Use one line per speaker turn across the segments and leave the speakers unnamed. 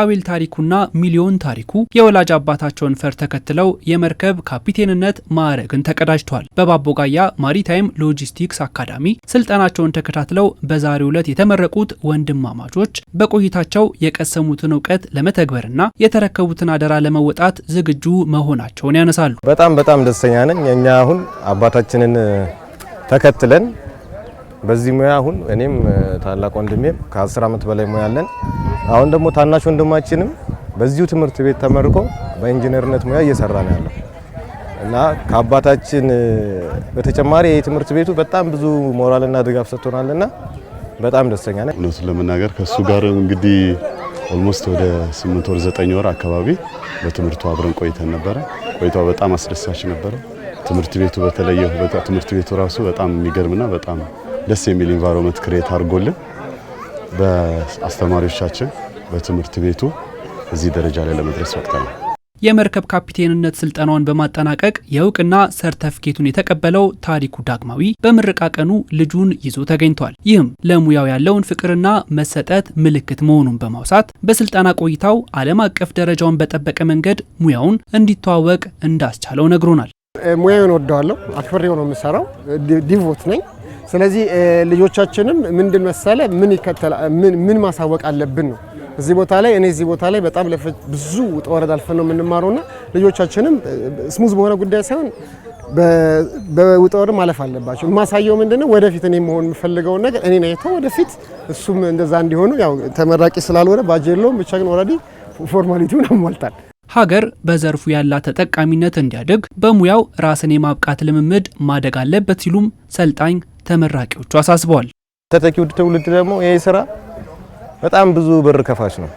አቤል ታሪኩና ሚሊዮን ታሪኩ የወላጅ አባታቸውን ፈር ተከትለው የመርከብ ካፒቴንነት ማዕረግን ተቀዳጅቷል። በባቦጋያ ማሪታይም ሎጂስቲክስ አካዳሚ ስልጠናቸውን ተከታትለው በዛሬው ዕለት የተመረቁት ወንድማማቾች በቆይታቸው የቀሰሙትን እውቀት ለመተግበርና የተረከቡትን አደራ ለመወጣት ዝግጁ መሆናቸውን ያነሳሉ።
በጣም በጣም ደስተኛ ነኝ። እኛ አሁን አባታችንን ተከትለን በዚህ ሙያ አሁን እኔም ታላቅ ወንድሜ ከ10 ዓመት በላይ ሙያ አለን። አሁን ደግሞ ታናሽ ወንድማችንም በዚሁ ትምህርት ቤት ተመርቆ በኢንጂነርነት ሙያ እየሰራ ነው ያለው እና ከአባታችን በተጨማሪ የትምህርት ቤቱ በጣም ብዙ ሞራልና ድጋፍ ሰጥቶናልና በጣም ደስተኛ ነኝ።
እውነቱን ለመናገር ከእሱ ጋር እንግዲህ ኦልሞስት ወደ 8 ወር 9 ወር አካባቢ በትምህርቱ አብረን ቆይተን ነበረ። ቆይታው በጣም አስደሳች ነበረ። ትምህርት ቤቱ በተለየ ትምህርት ቤቱ ራሱ በጣም የሚገርምና በጣም ደስ የሚል ኢንቫይሮንመንት ክሬት አድርጎልን በአስተማሪዎቻችን በትምህርት ቤቱ እዚህ ደረጃ ላይ ለመድረስ በቅተናል።
የመርከብ ካፒቴንነት ስልጠናውን በማጠናቀቅ የእውቅና ሰርተፍኬቱን የተቀበለው ታሪኩ ዳግማዊ በምረቃ ቀኑ ልጁን ይዞ ተገኝቷል። ይህም ለሙያው ያለውን ፍቅርና መሰጠት ምልክት መሆኑን በማውሳት በስልጠና ቆይታው ዓለም አቀፍ ደረጃውን በጠበቀ መንገድ ሙያውን እንዲተዋወቅ እንዳስቻለው ነግሮናል።
ሙያውን ወደዋለሁ፣ አክብሬው ነው የምሰራው፣ ዲቮት ነኝ ስለዚህ ልጆቻችንም ምንድን መሰለ ምን ይከተላ ምን ማሳወቅ አለብን ነው እዚህ ቦታ ላይ እኔ እዚህ ቦታ ላይ በጣም ብዙ ውጣ ውረድ አልፈን ነው የምንማረውና ልጆቻችንም ስሙዝ በሆነ ጉዳይ ሳይሆን በውጣ ውረድ ማለፍ አለባቸው። የማሳየው ምንድነው ወደፊት እኔ መሆን የምፈልገውን ነገር እኔ አይተው ወደፊት እሱም እንደዛ እንዲሆኑ ያው ተመራቂ ስላልሆነ ባጅ የለውም ብቻ ግን ኦልሬዲ ፎርማሊቲውን አሟልታል።
ሀገር በዘርፉ ያላ ተጠቃሚነት እንዲያደግ በሙያው ራስን የማብቃት ልምምድ ማደግ አለበት ሲሉም ሰልጣኝ ተመራቂዎቹ አሳስበዋል።
ተተኪው ትውልድ ደግሞ ይሄ ስራ በጣም ብዙ በር ከፋች ነው።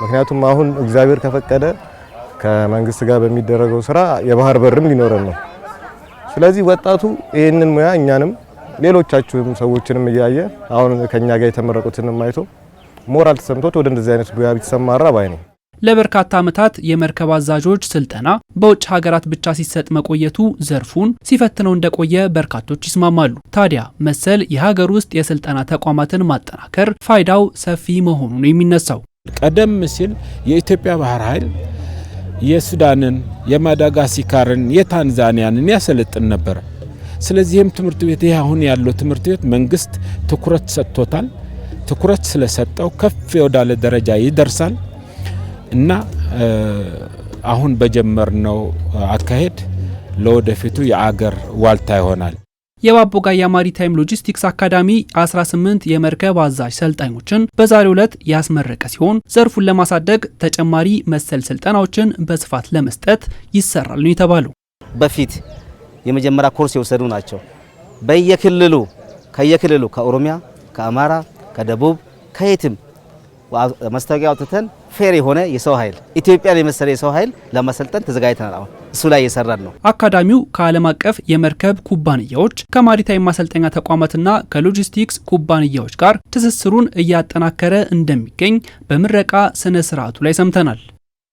ምክንያቱም አሁን እግዚአብሔር ከፈቀደ ከመንግስት ጋር በሚደረገው ስራ የባህር በርም ሊኖረን ነው። ስለዚህ ወጣቱ ይህንን ሙያ እኛንም ሌሎቻችሁም ሰዎችንም እያየ አሁን ከኛ ጋር የተመረቁትንም አይቶ ሞራል ተሰምቶት ወደ እንደዚህ አይነት ሙያ ባይ ነው።
ለበርካታ ዓመታት የመርከብ አዛዦች ስልጠና በውጭ ሀገራት ብቻ ሲሰጥ መቆየቱ ዘርፉን ሲፈትነው እንደቆየ በርካቶች ይስማማሉ። ታዲያ መሰል የሀገር ውስጥ የስልጠና ተቋማትን ማጠናከር ፋይዳው ሰፊ መሆኑ ነው የሚነሳው።
ቀደም ሲል የኢትዮጵያ ባህር ኃይል የሱዳንን፣ የማዳጋሲካርን፣ የታንዛኒያንን ያሰለጥን ነበር። ስለዚህም ትምህርት ቤት ይህ አሁን ያለው ትምህርት ቤት መንግስት ትኩረት ሰጥቶታል። ትኩረት ስለሰጠው ከፍ ወዳለ ደረጃ ይደርሳል። እና አሁን በጀመርነው አካሄድ ለወደፊቱ የአገር ዋልታ ይሆናል።
የባቦጋያ ማሪታይም ሎጂስቲክስ አካዳሚ 18 የመርከብ አዛዥ ሰልጣኞችን በዛሬው ዕለት ያስመረቀ ሲሆን ዘርፉን ለማሳደግ ተጨማሪ መሰል ስልጠናዎችን በስፋት ለመስጠት ይሰራል ነው የተባሉ።
በፊት የመጀመሪያ ኮርስ የወሰዱ ናቸው። በየክልሉ ከየክልሉ ከኦሮሚያ፣ ከአማራ፣ ከደቡብ ከየትም ማስታወቂያ አውጥተን ፌር የሆነ የሰው ኃይል ኢትዮጵያን የመሰለ የሰው ኃይል ለማሰልጠን ተዘጋጅተናል። አሁን እሱ ላይ እየሰራን ነው።
አካዳሚው ከዓለም አቀፍ የመርከብ ኩባንያዎች ከማሪታይም ማሰልጠኛ ተቋማትና ከሎጂስቲክስ ኩባንያዎች ጋር ትስስሩን እያጠናከረ እንደሚገኝ በምረቃ ስነ ስርዓቱ ላይ ሰምተናል።